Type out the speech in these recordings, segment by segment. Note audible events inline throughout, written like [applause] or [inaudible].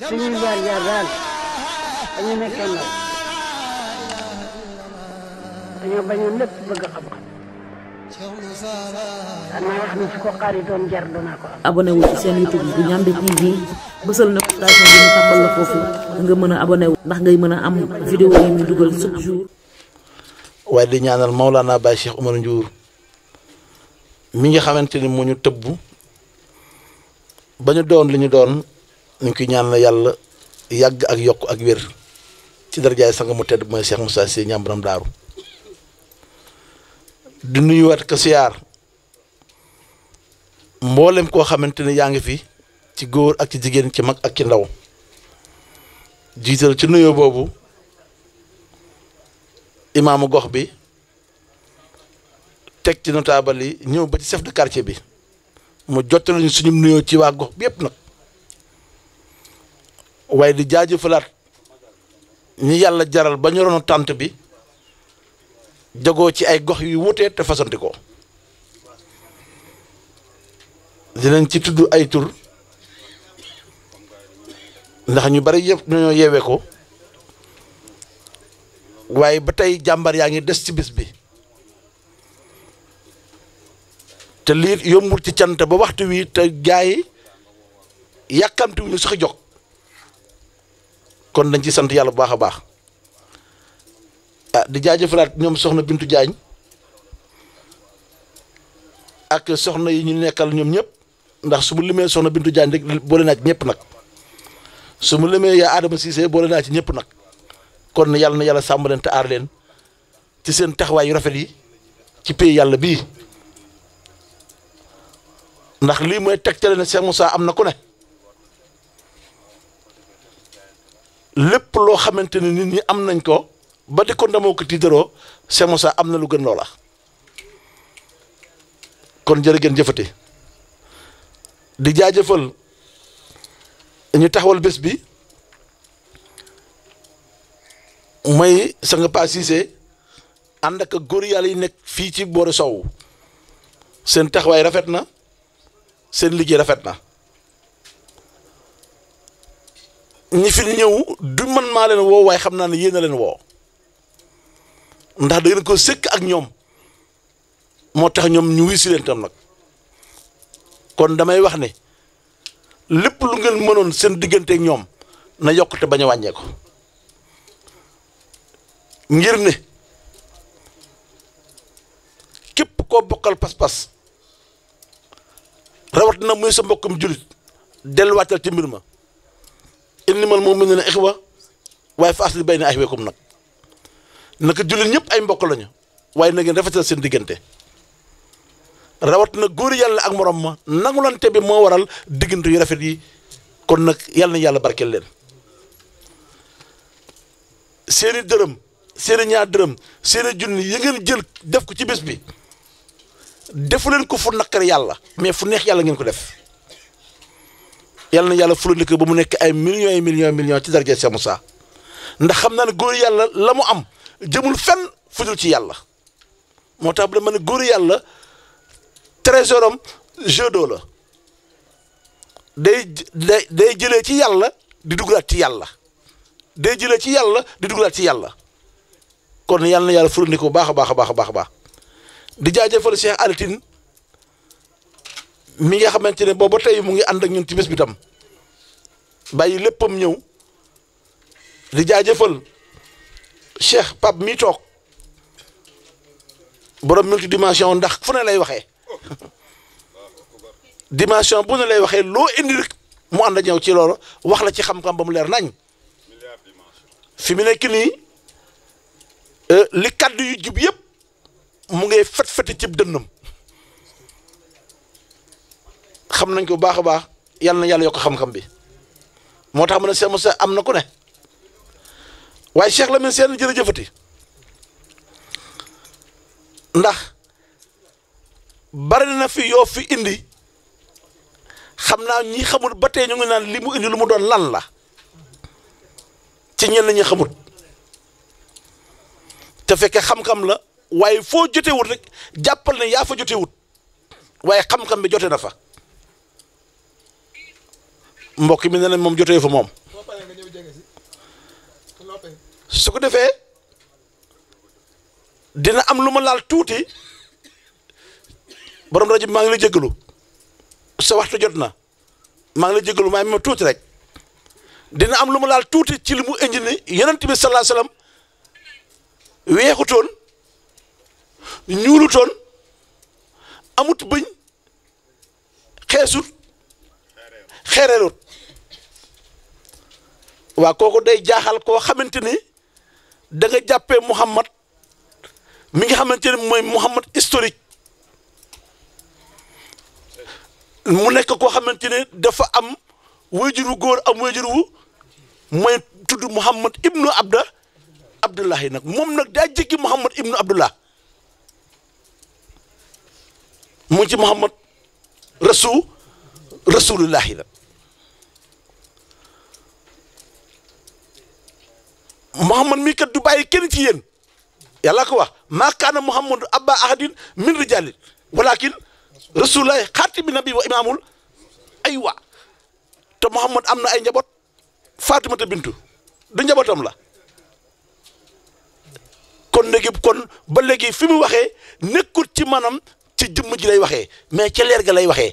suñuy jaar-jaar daal ba su ko xaaritoon jar seen YouTube bu Ndiamé TV bësal na station bi ñu tàmbal la nga mën a abonné ndax ngay mën a am vidéo yi ñu dugal chaque jour. waaye di ñaanal Maulana Baye Cheikh Omar Ndiour mi nga xamante ni moo ñu tëbb ba ñu doon li ñu doon. ñu ngi koy ñaanal yàlla yàgg ak yokk ak wér ci darajaay sanga mu tedd mooy Cheikh mu saa si borom daaru di nuyuwaat ko siyaar mboolem koo xamante ne yaa ngi fi ci góor ak ci jigéen ci mag ak ci ndaw jiital ci nuyoo boobu imaamu gox bi teg ci notable yi ñëw ba ci chef de quartier bi mu jottali ñu suñu nuyoo ci waa gox bi yëpp nag waaye di jaajëfalaat ñi yàlla jaral ba ñu roonu tànt bi jagoo ci ay gox yu wutee te fasanti dinañ ci tudd ay tur ndax ñu bari yëpp ñoo yeewee ko waaye ba tey jàmbar yaa ngi des ci bis bi te lii yombul ci cant ba waxtu wi te gaa yi yàkkamti wu kon dañ ci sant yàlla bu baax a baax ah di jaajëfalaat ñoom soxna Bintu Jaañ ak soxna yi ñu nekkal ñoom ñëpp ndax su ma limee soxna Bintu Jaañ rek boole naa ci ñëpp nag su ma limee yaa Adama Cissé boole naa ci ñëpp nag kon yàlla na yàlla sàmm leen te aar leen ci seen taxawaay yu rafet yi ci pays yàlla bii ndax lii mooy tegtale ne Cheikh am na ku lépp loo xamante ni nit ñi am nañ ko ba di ko ndamoo ko tiitaroo Cheikh Moussa am na lu gën loola kon jërë ngeen jëfati di jaajëfal ñu taxawal bés bi may sanga Pa Cissé ànd ak góor yàlla yi nekk fii ci boori sow seen taxawaay rafet na seen liggéey rafet na ñi fi ñëw du man maa leen woo waaye xam naa ne yéen leen woo ndax da ngeen ko sëkk ak ñoom moo tax ñoom ñu wuy si leen tam nag kon damay wax ne lépp lu ngeen mënoon seen diggante ak ñoom na yokkute bañ a wàññeeku ngir ne képp koo bokkal pas-pas rawat na muy sa mbokkum jullit delluwaatal ci mbir ma innamal mu'minuna ikhwa waaye fa asli bayna ahwaakum nag naka jullit ñëpp ay mbokk lañu waaye na ngeen rafetal seen diggante rawat na góor yàlla ak morom ma nangulante bi moo waral diggante yu rafet yi kon nag yàlla yàlla barkeel leen seeni dërëm seeni ñaar dërëm seeni junni yi ngeen jël def ko ci bés bi defu leen ko fu naqar yàlla mais fu neex yàlla ngeen ko def yal na yàlla fulandi ko ba mu nekk ay millions et millions millions ci darajee Cheikh Moussa ndax xam naa ne góor yàlla la mu am jëmul fenn fudul ci yàlla moo tax bu ma ne góor yàlla trésor am jeu la day day day jëlee ci yàlla di dugalaat ci yàlla day jëlee ci yàlla di dugalaat ci yàlla kon yàlla na yàlla fulandi ko bu baax a baax a baax a baax di jaaja Cheikh Alain Tine mi nga xamante ne booba tey mu ngi ànd ak ñun ci bés bi tam bàyyi léppam ñëw di jaajëfal Cheikh Pape mi toog borom multidimension ndax fu ne lay waxee dimension bu ne lay waxee loo indi rek mu ànd ak ñëw ci loolu wax la ci xam-xam ba mu leer nañ fi mu nekk nii euh, li kaddu yu jub yëpp mu ngay fet fete cib dënnam. xam nañ ko bu baax a baax yàlla na yàlla yokk xam-xam bi moo tax ma ne Cheikh Moussa am na ku ne waaye Cheikh Lamine Sène jërëjëfati ndax bari na fi yoo fi indi xam naa ñi xamul ba te ñu ngi naan li mu indi lu mu doon lan la ci ñenn ñi xamul te fekke xam-xam la waaye foo jotewut rek jàppal ne yaa fa jotewut waaye xam-xam bi jote na fa mbokk mi ne na moom jotee fa moom su ko defee dina am lu ma laal tuuti borom rajo bi maa ngi la jégalu sa waxtu jot na maa ngi la jégalu maa ngi ma tuuti rek dina am lu ma laal tuuti ci li mu indi ni yonent bi sallallahu alayhi wasallam weexutoon ñuulutoon amut bëñ xeesut xeereerut waa kooku day jaaxal koo xamante ni da nga jàppee Muhammad mi nga xamante ni mooy Muhammad historique mu nekk koo xamante ni dafa am wayjur wu góor am wayjur wu mooy tudd Muhammad ibnu Abda Abdullah nag moom nag daa jékki Muhammad ibnu Abdullah mu ngi ci Muhammad rasul rasulullahi la Muhammad mii kat du bàyyi kenn ci yéen yàlla ko wax maa kaana Muhammadu abba ahadin min rijalin walakin rasulullahi xaatimi nabi wa imaamul aywa te Muhammad am na ay njaboot Fatimata bintu du njabootam la kon léegi kon ba léegi fi mu waxee nekkul ci maanaam ci jëmm ji lay waxee mais ca leer ga lay waxee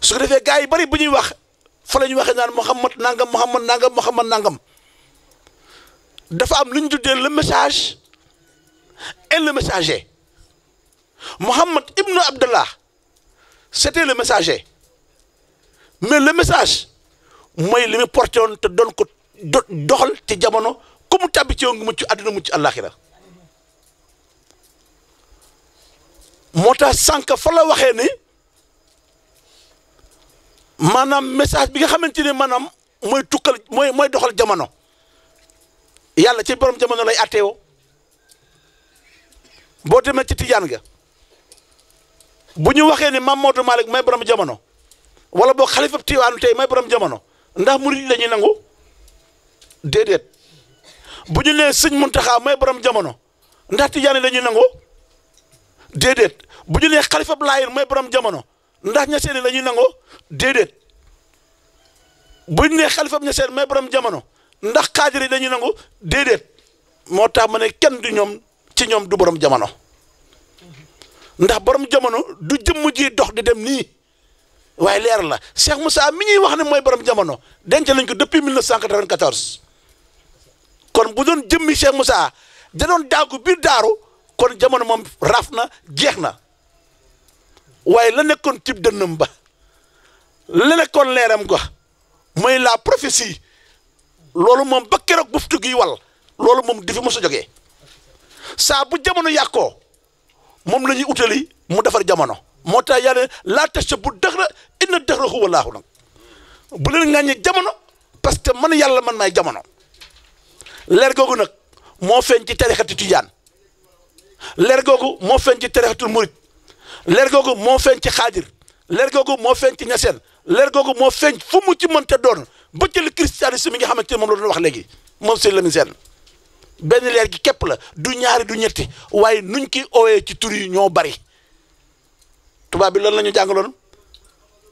su defee gars yi bari bu ñuy wax fa la waxee naan Mouhamad nangam Mouhamad nangam Mouhamad nangam dafa am lu ñu tuddee le message et le messager Mouhamad ibnu Abdallah c'était le message mais le message mooy li mu porté woon te doon ko doxal te jamono ku mu tàbbi ci yow ngi mucc àdduna mucc àllaaxira moo tax sànq fa la waxee ni. maanaam message bi nga xamante ne maanaam mooy tukkal mooy mooy doxal jamono yàlla ci borom jamono lay atteewoo boo demee ci tijaan ga bu ñu waxee ne maam Maodo Malick may borom jamono wala boo xalifa Tiwaanu tey may borom jamono ndax murid la ñuy nangu déedéet bu ñu nee sëñ Muntaxa may borom jamono ndax tijaan la ñuy nangu déedéet bu ñu nee xalifa Laayeen may borom jamono. ndax ñaseen yi la ñuy nangoo déedéet buñ ne xalifam ñaseen may borom jamono ndax xaadir yi la ñuy nangu déedéet moo tax ma ne kenn du ñoom ci ñoom du borom jamono ndax borom jamono du jëmm ji dox di dem nii waaye leer la Cheikh Moussa mi ñuy wax ne mooy borom jamono denc nañ ko depuis 1994 kon bu doon jëmmi Cheikh Moussa da doon daagu biir daaru kon jamono moom raaf na jeex na. waaye la nekkoon tib dënnam ba la nekkoon leeram ga mooy la prophétie loolu moom ba keroog buftu gi wal loolu moom di fi mos a jógee saa bu jamono yàqoo moom la ñuy utali mu defar jamono moo tax yàlla laa tase bu dëxra inna dëxra huwa laahu nag bu leen ŋàññi jamono parce que man yàlla man maay jamono leer googu nag moo feeñ ci tarixatu tijaan leer googu moo feeñ ci tarixatul murit leer googu moo feeñ ci xaadir leer googu moo feeñ ci ñaseen leer googu moo feeñ fu mu ci mënte doon ba ci le mi nga xamante ne moom la doon wax léegi moom sëñ Lamine Sène benn leer gi képp la du ñaari du ñetti waaye nuñ ki oowee ci turi yi ñoo bari tubaab bi lan la ñu jàngaloon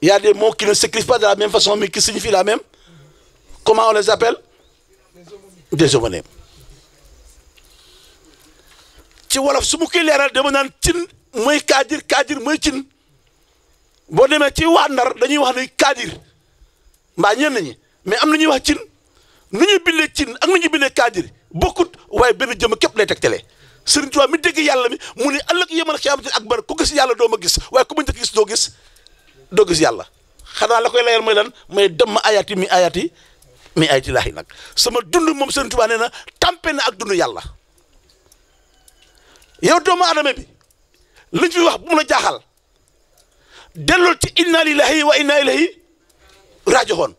y a des mots qui ne s'écrivent pas de la même façon mais qui signifient la même comment on les appelle des homonymes ci wolof su mu koy leeral dama naan cin mooy kaadir kaadir mooy cin boo demee ci waa Ndar dañuy wax ne kaadir mbaa ñenn ñi mais am na ñuy wax cin nu ñuy bindee cin ak nu ñuy bindee kaadir bokkut waaye benn jëmm képp lay tegtale Sëriñ Tuubaa mi dégg yàlla mi mu ne ëllëg yemal xiyaamatin akbar ku gis yàlla doo ma gis waaye ko ma njëkk gis doo gis doo gis yàlla xanaa la koy layal mooy lan mooy dem ma ayati mi ayati mi ayati laahi nag sama dund moom Sëriñ Tuubaa nee na tàmpe na ak dund yàlla yow doomu aadama bi. liñ fi wax bu mu la jaaxal dellul ci inna lillahi wa inna ilayhi raaji'uun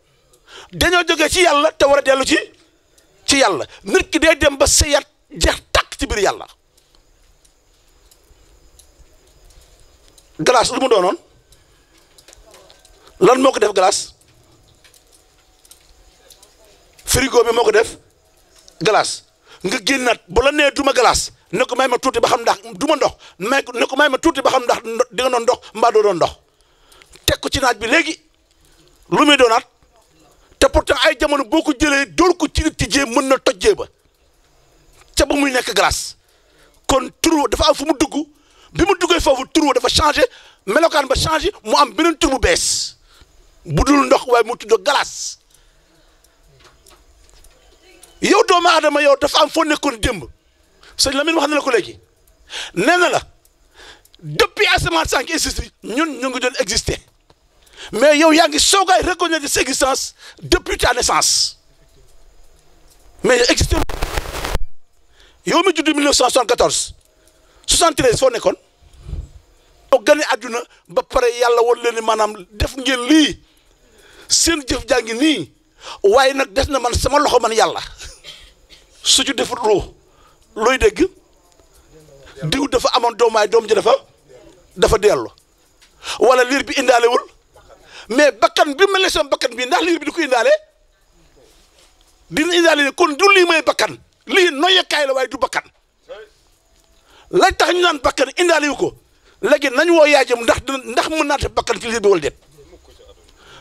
dañoo jógee ci yàlla te war a dellu ci ci yàlla nit ki day dem ba sëyaat jeex tàkk ci biir yàlla glace lu mu doonoon lan moo ko def glace frigo bi moo ko def glace nga génnaat bu la nee duma glace ne ko may ma tuuti ba xam ndax du ma ndox may ne ko may ma tuuti ba xam ndax di nga doon ndox mbaa doo doon ndox teg ko ci naaj bi léegi lu muy doonaat te pourtant ay jamono boo ko jëlee dóor ko ci ci jee mën na tojjee ba ca ba muy nekk glace kon tur dafa am fu mu dugg bi mu duggee foofu tur dafa changé melokaan ba changé mu am beneen tur bu bees bu dul ndox waaye mu tudd glace yow doomu aadama yow dafa am foo nekkoon démb. sëñ Lamine wax na la ko léegi nee na la depuis asamaan sànq existe ñun ñu ngi doon exister mais yow yaa ngi soogaay reconnaître sa existence depuis ta naissance mais existé yow mi juddu 1974 73 foo nekkoon boo gane àdduna ba pare yàlla war leen ni maanaam def ngeen lii seen jëf jaa ngi nii waaye nag des na man sama loxo man yàlla [laughs] su ci defut ruu looy dégg diw dafa amoon doomaay doom ji dafa dafa dellu wala liir bi indaalewul mais bakkan bi ma lesoon bakkan bi ndax liir bi di ko indaale dina indaale kon du lii may bakkan lii noyyekaay la waaye du bakkan lañ tax ñu naan bakkan indaale ko léegi nañu woo yaajam ndax ndax mën naa def bakkan ci liir bi wala déet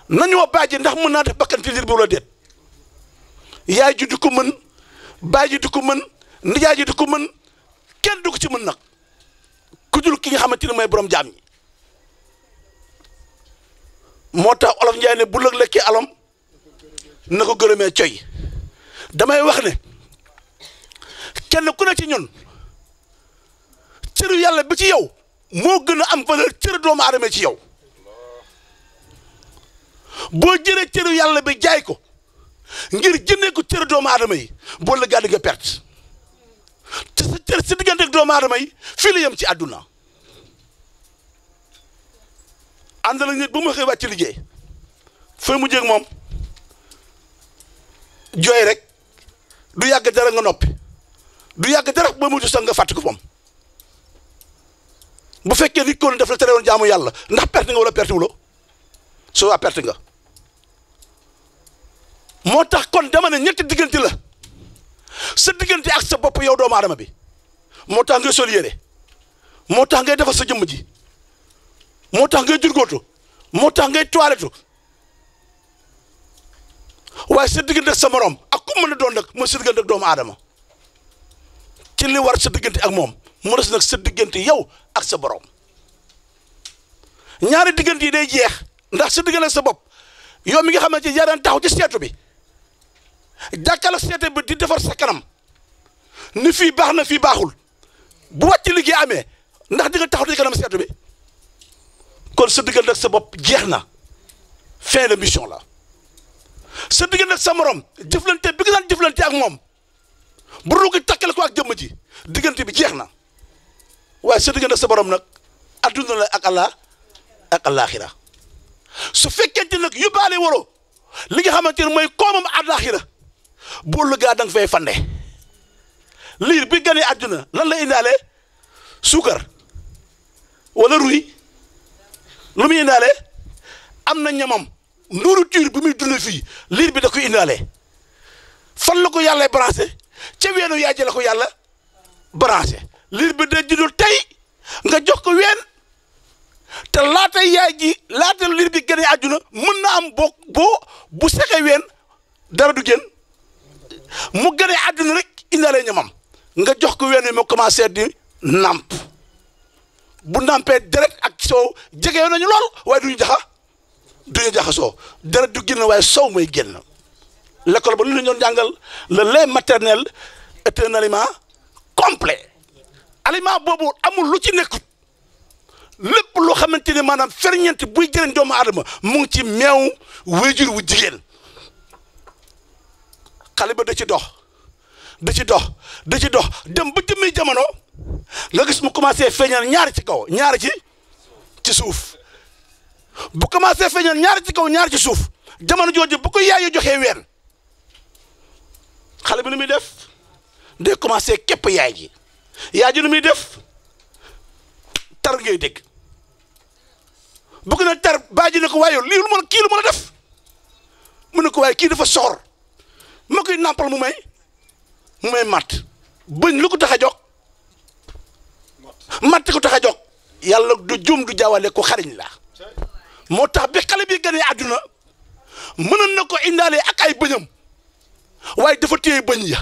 nañ woo baaji ndax mën naa def bakkan ci liir bi yaay ji du ko mën baay ji du ko mën nijaay ji di ko mën kenn du ko ci mën nag ku dul ki nga xam ne mooy borom jaam ñi moo tax olof njaay ne bu lëg lekkee alom na ko gërëmee coy damay wax ne kenn ku ne ci ñun cëru yàlla bi ci yow moo gën a am valeur cëru doomu aadama ci yow boo jëree cëru yàlla bi jaay ko ngir jëndee ko cër doomu aadama yi boo la gàddi nga perte te sa cër si diggante ak doomu yi fii la yem ci àdduna ànd la nit bu ma xëy wàcc liggéey fooy mu jéeg moom jooy rek du yàgg dara nga noppi du yàgg dara ba mujj sax nga fàtt ko moom bu fekkee ni ko def la tere woon jaamu yàlla ndax perte nga wala perte wulo soo waa perte nga moo tax kon dama ne ñetti diggante la sa diggante ak sa bopp yow doomu adama bi moo tax ngay sol yére moo tax ngay defar sa jëmm ji moo tax ngay jurgóotu moo tax ngay toiletu waaye sa diggante ak sa morom ak ku mën a doon nag mooy sa diggante doomu aadama ci li war sa diggante ak moom mu des nag sa diggante yow ak sa borom ñaari diggante yi day jeex ndax sa diggante ak sa bopp yow mi nga xamante ne yaa daan ci seetu bi jàkkaarloo seete bi di defar sa kanam ni fi baax na fii baaxul bu wàcc liggéey amee ndax di nga taxaw di kanam seetu bi kon sa diggante ak sa bopp jeex na fin mission la sa diggante ak sa morom jëflante bi nga daan jëflante ak moom bu dul ko ko ak jëmm ji diggante bi jeex na waaye sa diggante ak sa borom nag adduna la ak allah ak alaxira su fekkente nag yóbbaale waroo li nga xamante ne mooy koomam alaxira bu ëllëgaa da nga fay fande liir bi gane àdduna lan la indaale suukar wala ruy lu muy indaale am na ñamam nourriture bi muy dund fii liir bi da koy indaale fan la ko yàlla branché ca weenu yaay ji ko yàlla branché liir bi da juddul tey nga jox ko ween te laata yaay ji laata liir bi gane àdduna mën na am boo boo bu sexe ween dara du génn mu gënee àdduna rek indaale ñamam nga jox ko wenn mu commencé di nàmp bu nàmpee deret ak soow jege nañu lool waaye duñu jaxa duñu jaxa soow deret du génn waaye soow mooy génn l'école ba lu ñu doon jàngal la lait maternel est un aliment complet boobu amul lu ci nekkut lépp loo xamante ni maanaam ferñeent buy jëriñ doomu adama mu ci meew wéjur wu jigéen xale bi da ci dox da ci dox da ci dox dem ba jëmmi jamono nga gis mu commencé feeñal ñaari ci kaw ñaari ci ci suuf bu commencé feeñal ñaar ci kaw ñaar ci suuf jamono jooju bu ko yaayoo joxee ween xale bi nu muy def day commencé képp yaay ji yaay ji nu muy def tar ngay dégg bukk ko ne tar baa ji ko waaye lii lu mën kii lu mën a def mu ne ko waaye kii dafa soxor ma koy nàmpal mu may mu may matt bëñ lu ko tax a jóg matt ko tax a jox yàlla du jum du jawale ko xariñ la moo tax bi xale bi gënee àdduna mënoon na ko indaale ak ay bëñam waaye dafa téye bëñ ya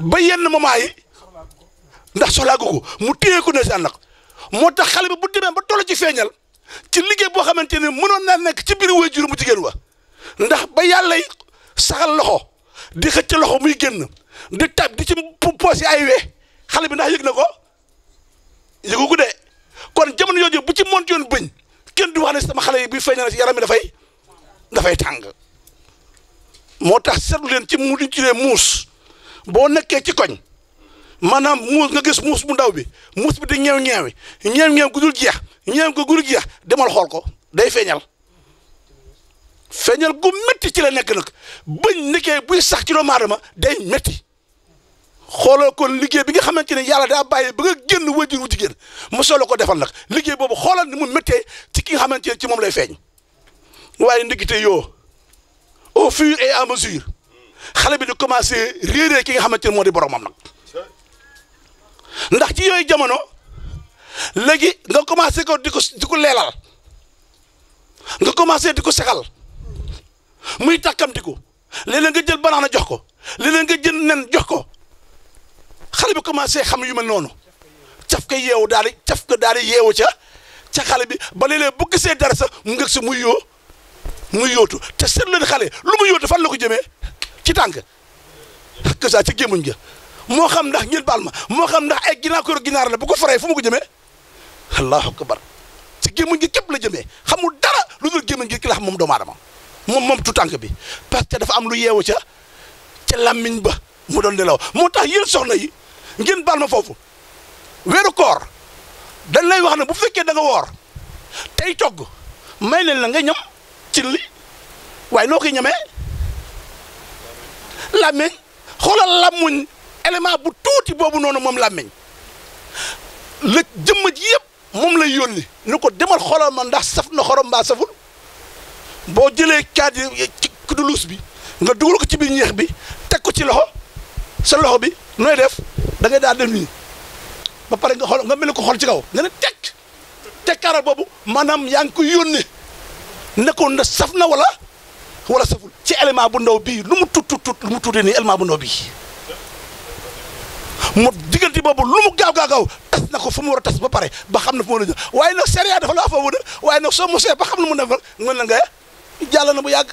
ba yenn moment yi ndax soxlaagu ko mu téye ko ne saan nag moo tax xale bi bu demee ba toll ci feeñal ci liggéey boo xamante ne mënoon naa nekk ci biir waajur mu jigéen wa ndax ba yàlla saxal loxo di xëcc loxo muy génn di tab di ci poosé ay we xale bi ndax yëg na ko yëgu ko de kon jamono yooju bu ci mont yoon bëñ kenn du wax ne sama xale yi bi fay na yaram mi dafay dafay tàng moo tax seetlu leen ci mu di juree muus boo nekkee ci koñ maanaam muus nga gis muus bu ndaw bi muus bi di ñeew ñeewi ñeew ñeew gu dul jeex ñeew ko gu dul jeex xool ko day feeñal feeñal gu métti ci la nekk nag bañ nekkee buy sax ci doomu aadama day métti xoolal kon liggéey bi nga xamante ne yàlla daa bàyyi ba nga génn wajur wu jigéen mosoo la ko defal nag liggéey boobu xoolal ni mu méttee ci ki nga xamante ne ci moom lay feeñ waaye te yoo au fur et à mesure xale bi di commencé réeree ki nga xamante ne moo di boromam nag ndax ci yooyu jamono léegi nga commencé ko di ko di ko leelal nga commencé di ko saxal muy tàkkamtiku léeg-léeg nga jël banaana jox ko léeg-léeg nga jël nen jox ko xale bi commencé xam yu mel noonu caf ka yeewu daal di caf ka daal yeewu ca ca xale bi ba léeg-léeg bu gisee dara sax mu ngëg si muy yoo muy yóotu te seet leen xale lu mu yóotu fan la ko jëmee ci tànk ak saa ci gémmuñ ga moo xam ndax ngeen baal ma moo xam ndax ay ginaar ko ginaar la bu ko faree fu mu ko jëmee allahu akbar ci gémmuñ gi képp la jëmee xamul dara lu dul gémmuñ gi ki la xam moom doomu moom moom tu tànk bi parce que dafa am lu yeewu ca ca làmmiñ ba mu doon nelaw moo tax yéen soxna yi ngeen baal ma foofu weeru koor dañ lay wax ne bu fekkee da nga woor tey togg may leen la nga ñam ci li waaye noo koy ñamee làmmiñ xoolal làmmuñ élément bu tuuti boobu noonu moom làmmiñ la jëmm ji yëpp moom lay yónni ni ko demal xoolal ma ndax saf na xorom mbaa saful boo jëlee kaat yi ci kudulus bi nga dugal ko ci biir ñeex bi teg ko ci loxo sa loxo bi nooy def dangay daal dem nii ba pare nga xool nga mel ko xool ci kaw nga ne teg tekkaaral boobu maanaam yaa ngi ko yónnee nekkoon na saf na wala wala saful ci élément bu ndaw bii lu mu tut tut lu mu tuutee nii élément bu ndaw bii mu diggante boobu lu mu gaaw gaaw gaaw tas na ko fu mu war a tas ba pare ba xam na fu mu war a jël waaye nag sariya dafa la foofu nag waaye nag soo mosee ba xam ne mu ne fa mën na nga jàll na bu yàgg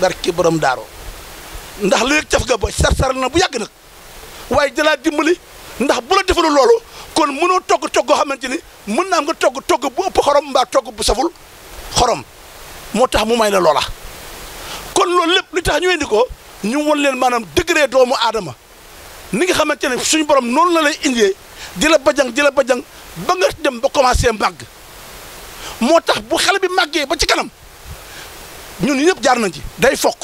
barki borom daaro ndax léeg caf ga ba sar na bu yàgg nag waaye dalaa dimbali ndax bu la defalu loolu kon mënoo togg togg xamante ni mën naa nga togg togg bu ëpp xorom mbaa togg bu saful xorom moo tax mu may la loola kon loolu lépp li tax ñu indi ko ñu won leen maanaam degré doomu aadama ni nga xamante ne suñu borom noonu la lay indee di la bajang di la bajang ba nga dem ba commencé màgg moo tax bu xale bi màggee ba ci kanam ñun ñëpp jaar nañ ci day fokk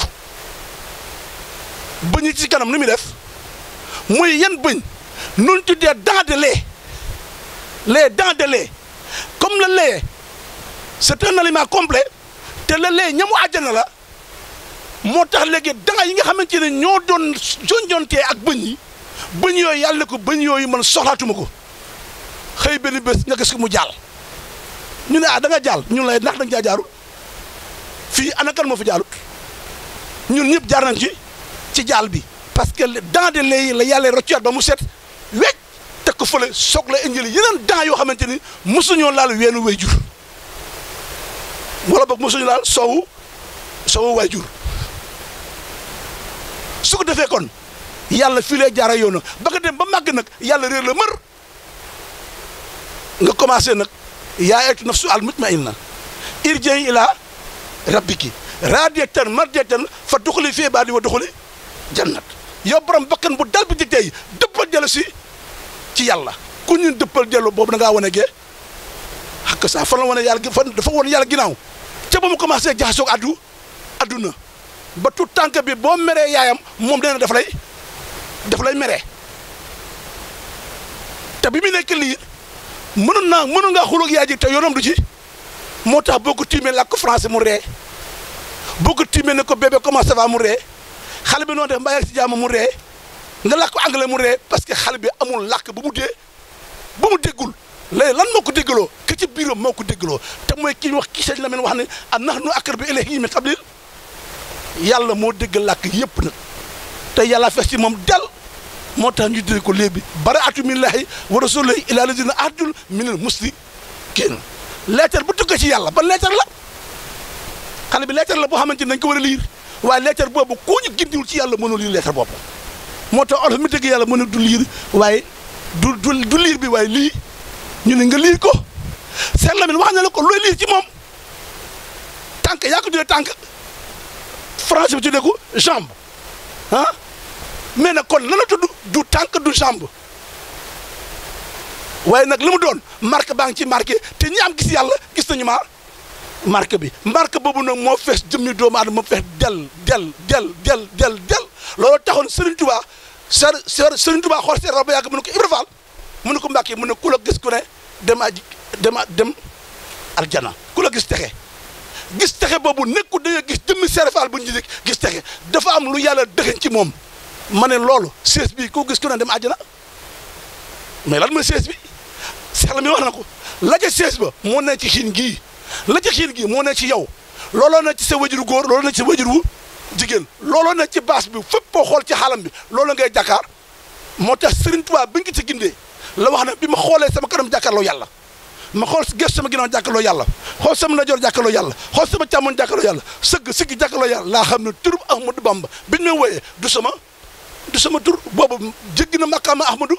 bëñ ci kanam nu muy def muy yan bëñ nun tuddee dents de lait les dents de lait comme le lait c'est un aliment complet te la lait ñamu àjjana la moo tax léegi danga yi nga xamante ne ñoo doon jonjontee ak bëñ yi bëñ yooyu yàlla ko bëñ yooyu man soxlaatuma ko xëy benn bés nga gis mu jàll ñu ne ah da nga jaal ñun lay ndax da nga jaarul fii ana kan moo fi jaalut ñun ñëpp jaar nañ ci ci jaal bi parce que dent de lait yi la yàlla ba mu set wecc teg ko fële soog la indil yeneen dent yoo xamante ni mosuñoo laal weenu wayjur wala boog mosuñu laal soowu soowu wayjur su ko defee kon yàlla fii lay jaara yoon ba nga dem ba màgg nag yàlla réer la mër nga commencé nag. yaa ayyatuha nafsu al-mutma'inna irji'i ilaa rabbiki raadiyatan mardiyatan fa duxuli fii ibaadi wa duxuli jannat yow borom bakkan bu dal bi di tey dëppal jëlu si ci yàlla ku ñu dëppal jëlu boobu da ngaa wane gee xakk saa fan la wane yàlla fan dafa wane yàlla ginnaaw ca ba mu commencé jaxasoog addu adduna ba tout tànk bi boo meree yaayam moom nee na dafa lay dafa lay meree te bi mu mënoon naa mënoon ngaa xulóog yaay ji te yoonam du ci moo tax boo ko tiimee lakk français mu ree boo ko tiimee ne ko bébé comment ça va mu ree xale bi noonu def mbaa si jàmm mu ree nga lakk anglais mu ree parce que xale bi amul lakk bu mu dee bu mu déggul léegi lan moo ko déggaloo ke ci biiram moo ko déggaloo te mooy ki wax ki la Lamine wax ne a nax nu akar bi ilayhi min xablil yàlla moo dégg lakk yépp nag te yàlla fees ci moom del moo tax ñu tuddee ko léebi bara atu minallaahi wa rasuulihi ilaa lazina ahdul minal mushrikiin leetar bu tukkee ci yàlla ba leetar la xale bi leetar la boo xamante ni dañ ko war a liir waaye leetar boobu ku ñu gindiwul ci yàlla mënul liir leetar boobu moo tax olof mi dëgg yàlla mënul du liir waaye du du du liir bi waaye lii ñu ne nga liir ko Seex Lamin wax na la ko looy liir ci moom tànk yaa ko tuddee tànk français bi tuddee ko jambe mais nag kon la la tudd du tànk du jambe waaye nag li mu doon marque baa ngi ci marqué te ñi am gis yàlla gis nañu ma marque bi marque boobu nag moo fees jëmmi doomu aadama fees del del del del del del loolu taxoon Serigne Touba ser ser Serigne Touba xool seet ba yàgg mu ne ko Ibra Fall mu ne ko Mbàkke mu ne ku la gis ku ne dem aj dem dem aljana ku la gis texe gis texe boobu nekkul da nga gis jëmmi Serigne Fall bu ñu gis texe dafa am lu yàlla dëxëñ ci moom ma ne loolu sees bi ku gis ku ne dem àjjana mais lan mooy sees bi seexla mi wax na ko la ca sees ba moo ne ci xiin gi la ca xiin gii moo ne ci yow looloon ne ci sa wajuru góor looloo ne ci sa wajuru jigéen looloon ne ci baas bi fépp koo xool ci xaalam bi loolu ngay jàkkaar moo tax Serigne Touba bi nga ci gindee la wax na bi ma xoolee sama kanam jàkkaarloo yàlla ma xool gëstu sama ginnaaw jàkkaarloo yàlla xool sama najoor jàkkaarloo yàlla xool sama càmmoñ jàkkaarloo yàlla sëgg sëgg jàkkaarloo laa xam ne turub Ahmadou Bamba biñ may wooyee du sama du sama tur boobu jéggi na maqaama Ahmadou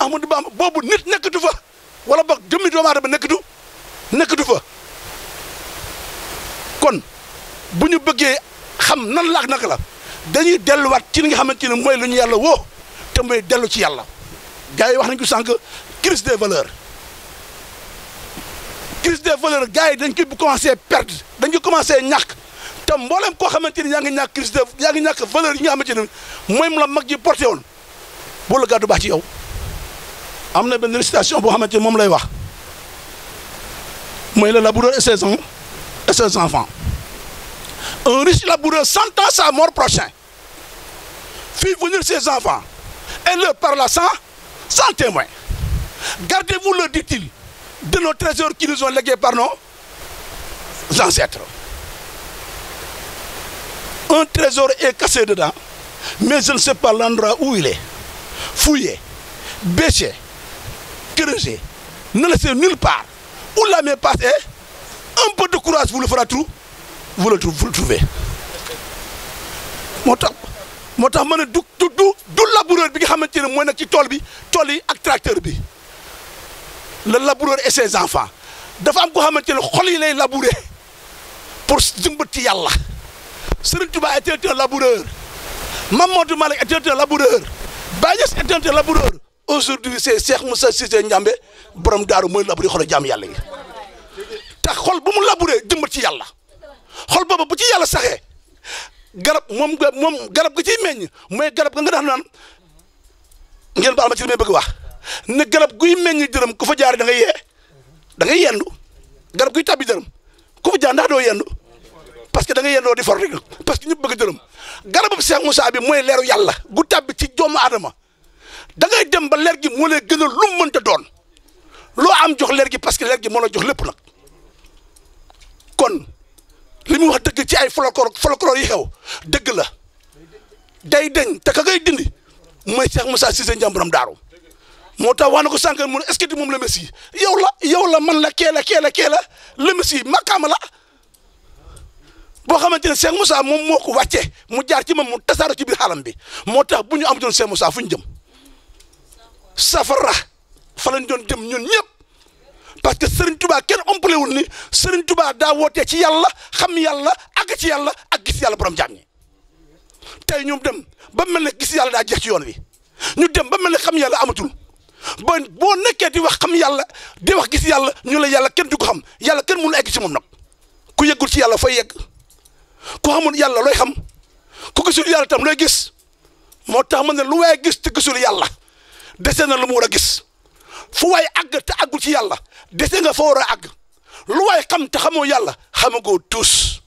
Ahmadou Bamba boobu nit nekkatu fa wala boog jëmmi doomu aadama nekkatu nekkatu fa kon bu ñu bëggee xam nan la ak la dañuy delluwaat ci li nga xamante ne mooy lu yàlla woo te mooy dellu ci yàlla gars yi wax nañ ko sànq crise des valeur crise des valeurs gars yi dañ bu commencé perdre dañ ko commencé ñàkk. te mboolem koo xamante ni yaa ngi ñàkk crise yaa ngi ñàkk valeur yi nga xamante ni la mag ji porté woon boo la gàddu baax ci yow am na benn récitation boo xamante ni moom lay wax mooy le laboureur et ses ans et ses enfants un riche laboureur sentant sa fii prochaine fit venir ses enfants le par la sans sans témoin gardez-vous le dit-il de nos trésors qui nous ont légués par nos ancêtres un trésor est cassé dedans, mais je ne sais pas l'endroit où il est. Fouillez, bêchez, creusez, ne laissez nulle part. la main passe est, un peu de courage vous le fera tout, vous le, vous le trouvez. moo tax moo tax ma ne du du du laboureur bi nga xamante ne mooy nekk ci tool bi tool yi ak tracteur bi le laboureur et ses enfants dafa am ko xamante ne xol yi lay labourer pour jëmbati yàlla. Serigne Touba était un laboureur Mamadou Malick était un laboureur Baye Niass était un laboureur aujourd'hui c'est Cheikh Moussa Cissé Ndiambé borom daaru mooy labouré xol jaam yàlla yi te xol bu mu labouré jëmbat ci yàlla xol boobu bu ci yàlla saxee garab moom moom garab ga ciy meññ mooy garab ga nga daan naan ngeen baal ma ci li may bëgg wax ne garab guy meññ dërëm ku fa jaar da ngay yee da ngay yendu garab guy tàbbi dërëm ku fa jaar ndax doo yendu parce que da nga yendoo di for rek parce que ñëpp bëgg dërëm garabam Cheikh Moussa bi mooy leeru yàlla gu tàbbi ci doomu aadama dangay dem ba leer gi moo lay gënal lu mu mënta doon loo am jox leer gi parce que leer gi moo la jox lépp nag kon li mu wax dëgg ci ay folklore folklore yi xew dëgg la day deñ te ka ngay dindi mooy Cheikh Moussa Cissé njàmburam daaru moo tax wax na ko sànq mu moom la messi yow la yow la man la kee la kee la kee la le messi makaama la boo xamante ne Cheikh Moussa moom moo ko wàccee mu jaar ci moom mu tasaaro ci biir xalam bi moo tax bu ñu amatoon Cheikh Moussa fu ñu jëm safara fa lañ doon jëm ñun ñëpp parce que Serigne Touba kenn ompale wul ni Serigne Touba daa wootee ci yàlla xam yàlla àgg ci yàlla ak gis yàlla borom jaam ñi tey ñu dem ba mel ne gis yàlla daa jeex ci yoon wi ñu dem ba mel ne xam yàlla amatul ba boo nekkee di wax xam yàlla di wax gis yàlla ñu la yàlla kenn du ko xam yàlla kenn mënu egg ci moom nag ku yeggul ci yàlla fooy yegg. ku xamul yàlla looy xam ku gisul yàlla tam looy gis moo tax ma ne lu waaye gis te gisul yàlla dese na lu mu a gis fu waay àgg te àggul ci yàlla dese nga fa war a àgg lu waay xam te xamoo yàlla xamagoo tuus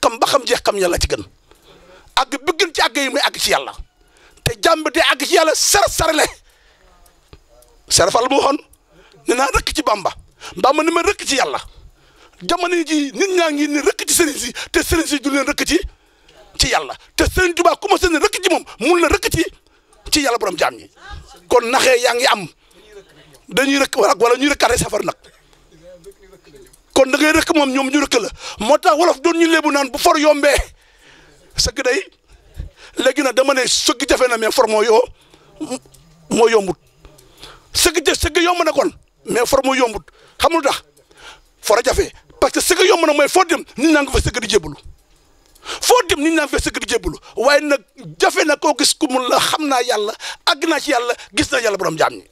xam ba xam jeex xam yàlla ci gën agg bi ci àgg yi muy àgg ci yàlla te jàmb te àgg ci yàlla sar ser fa bu waxoon ne naa rëkk ci bamba mbaa ma ma rëkk ci yàlla jamono ji nit ñaa ngi ne rëkk ci sëriñ si te sëriñ si du rëkk ci ci yàlla te sëriñ Tuubaa ku ma rëkk ci moom mun la rëkk ci ci yàlla borom jaam ñi kon naxee yaa ngi am dañuy rëkk wala wala ñuy rëkkaatee safar nag kon da ngay rëkk moom ñoom ñu rëkk la moo tax wolof doon ñu lebu naan bu for yombee sëgg day léegi nag dama ne sëgg jafe na mais for moo yoo moo yombut sëgg jafe sëgg yomb na kon mais for moo yombut xamul tax for a jafe parce que sëgg yomb na mooy foo dem nit ñaa ngi fa sëgg di jébbalu foo dem nit ñaa ngi fa di jébbalu waaye nag jafe na koo gis ku la xam naa yàlla àgg naa ci yàlla gis naa yàlla borom jaam ñi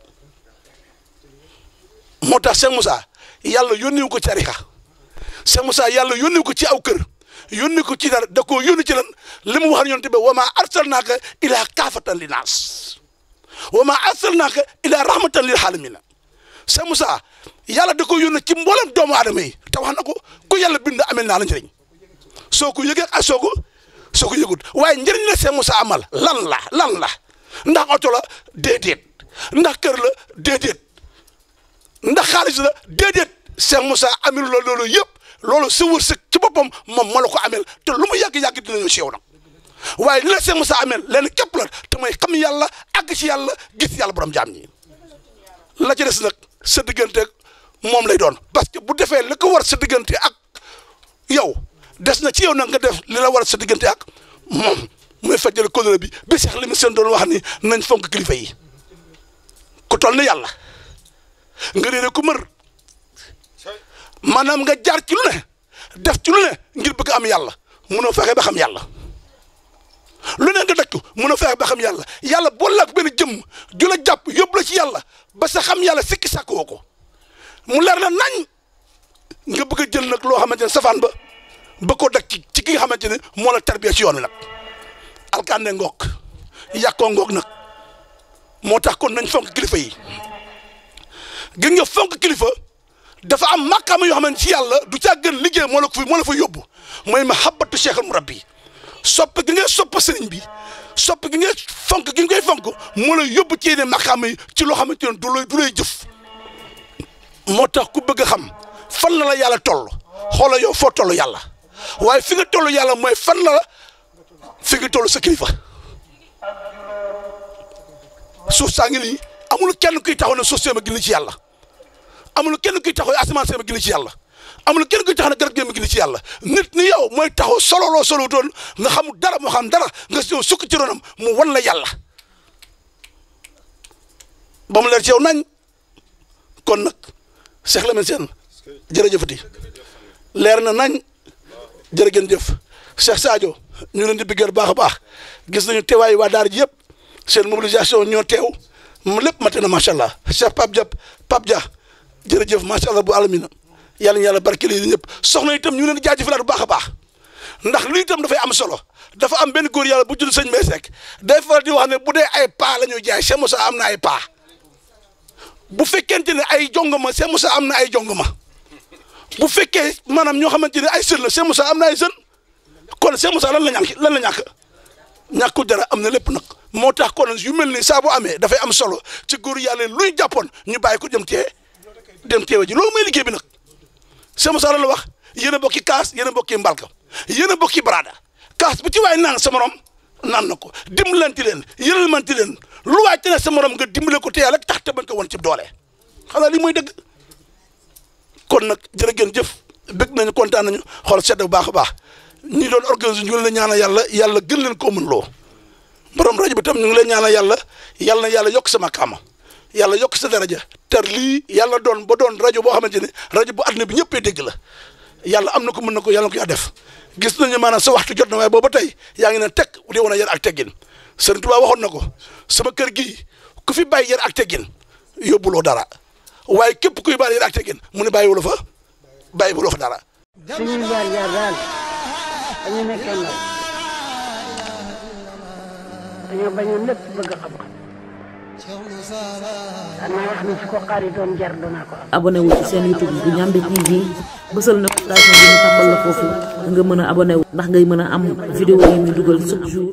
moo tax Cheikh Moussa yàlla yónniwu ko ci tarixa Cheikh Moussa yàlla yónniwu ko ci aw kër yónni ko ci dara da koo yónni ci lan li mu wax yonent bi wa maa arsalnaaka ilaa kaafatan li naas wa maa arsalnaaka ilaa rahmatan lil aalamiina Cheikh Moussa yàlla da koo yónni ci mboolem doomu aadama yi te wax ko ku yàlla bind amel naa la sooku soo ko yëgee ak soo ko soo waaye njëriñ la seen Moussa amal lan la lan la ndax oto la déedéet kër la déedéet ndax xaalis la déedéet seen Moussa amelu loolu yëpp loolu sa wërsëg ci boppam moom ma la ko amel te lu mu yàgg yàgg dinañu sew nag waaye li la seen Moussa amel leen képp la ma mooy xam yàlla àgg ci yàlla gis yàlla borom jaam ñi la ci des nag sa digganteeg moom lay doon parce que bu defee li ko war sa diggante ak yow des na ci yow nag nga def li la war sa diggante ak moom muy fajjale kóllëre bi bi sax li mu seen doon wax ni nañ fonk kilifa yi ku toll na yàlla nga réere ku mër maanaam nga jaar ci lu ne def ci lu ne ngir bëgg am yàlla munoo fexe ba xam yàlla lu ne nga dakk munoo fexe ba xam yàlla yàlla boole la benn jëm ju la jàpp yóbbu la ci yàlla ba sa xam yàlla sikki woo ko mo leer la nañ nga bëgg jël nag loo xamante ne safaan ba ba ko dak ci ki nga xamante ne moo la tarbiya ci yoon wi nag alkande ngoog yàqoo ngoog nag moo tax kon nañ fonk kilifa yi gën nga fonk kilifa dafa am màkkaama yoo xamante ci yàlla du caa gën liggéey moo la ko fi moo la fa yóbbu mooy mahabbatu cheikhul murabbi sopp gi ngay sopp sëriñ bi sopp gi ngay fonk gi fonk moo la yóbbu ci yeneen màkkaama yi ci loo xamante ne du lay du lay moo tax ku bëgg a xam fan la la yàlla toll xoola yow foo toll yàlla waaye fi nga toll yàlla mooy fan la figi nga toll sa kilifa suuf ngi nii amul kenn kuy taxaw ne suuf see ma gën ci yàlla amul kenn kuy taxaw ne asamaan see ma gën ci yàlla amul kenn kuy taxaw ne garab gi ma gën ci yàlla nit ni mooy taxaw solo loo solo doon nga xamul dara moo xam dara nga si sukk ci ronam mu wan la yàlla ba mu leer ci yow nañ kon nag. Cheikh Lamine Sène jërëjëfati leer na nañ jërë ngeen jëf Cheikh Sadio ñu leen di biggal baax baax gis nañu teewaayu waa daara ji yëpp seen mobilisation ñoo teew lépp mate na macha allah Cheikh Pape Diop Pape Dia jërëjëf macha allah bu alamina yàlla ñu yàlla barkeel yi ñëpp soxna itam ñu leen di jaajëfalaat bu baax a baax ndax lii itam dafay am solo dafa am benn góor yàlla bu judd sëñ Mbaye Seck day faral di wax ne bu dee ay paa la ñuy jaay Cheikh a am na ay paa. bu fekkente ne ay jongama Cheikh Moussa am na ay jongama bu fekkee maanaam ñoo xamante ne ay sën la Cheikh Moussa am na ay sën kon Cheikh Moussa lan la ñàkk lan la ñàkk ñàkku dara am na lépp nag moo tax kon yu mel ni saa bu amee dafay am solo ci góor yàlla luy jàppoon ñu bàyyi ko dem tee dem tee ji loolu mooy liggéey bi nag Cheikh Moussa lan la wax yéen a bokki kaas yéen a bokki mbalka yéen a bokki baraada kaas bu ci waay naan sa morom naan na ko dimbalanti leen yërëmanti leen lu waay tene sa morom nga dimbale ko te yàlla tax te bañ ko woon ci doole xanaa lii mooy dëgg kon nag jërë ngeen jëf bëgg nañu kontaan nañu xool sedd bu baax a baax ñi doon organiser ñu ngi leen ñaanal yàlla yàlla gën leen koo mun loo borom rajo bi tam ñu ngi leen ñaanal yàlla yàlla na yàlla yokk sama kaama yàlla yokk sa daraja te lii yàlla doon ba doon rajo boo xamante ne rajo bu àdduna bi ñëppee dégg la yàlla am na ko mun na ko yàlla na ko yaa def gis nañu maanaam sa waxtu jot na waaye booba tey yaa ngi ne teg di woon a yar ak teggin Sëriñ Tuubaa waxoon na ko sama kër gi ku fi bàyyi yar ak teggin yóbbuloo dara waaye képp kuy bàyyi yar ak teggin mu ne bàyyiwuloo fa bàyyiwuloo fa dara. suñuy jaar jaar daal dañu xam-xam. danaa wax ne su ko xaaritoon jar danaa ko am. seen YouTube bu Ndiamé TV bësal na station bi ñu tàmbal la foofu nga mën a abonné wu. ndax ngay mën a am vidéo yi ñu dugal chaque jour.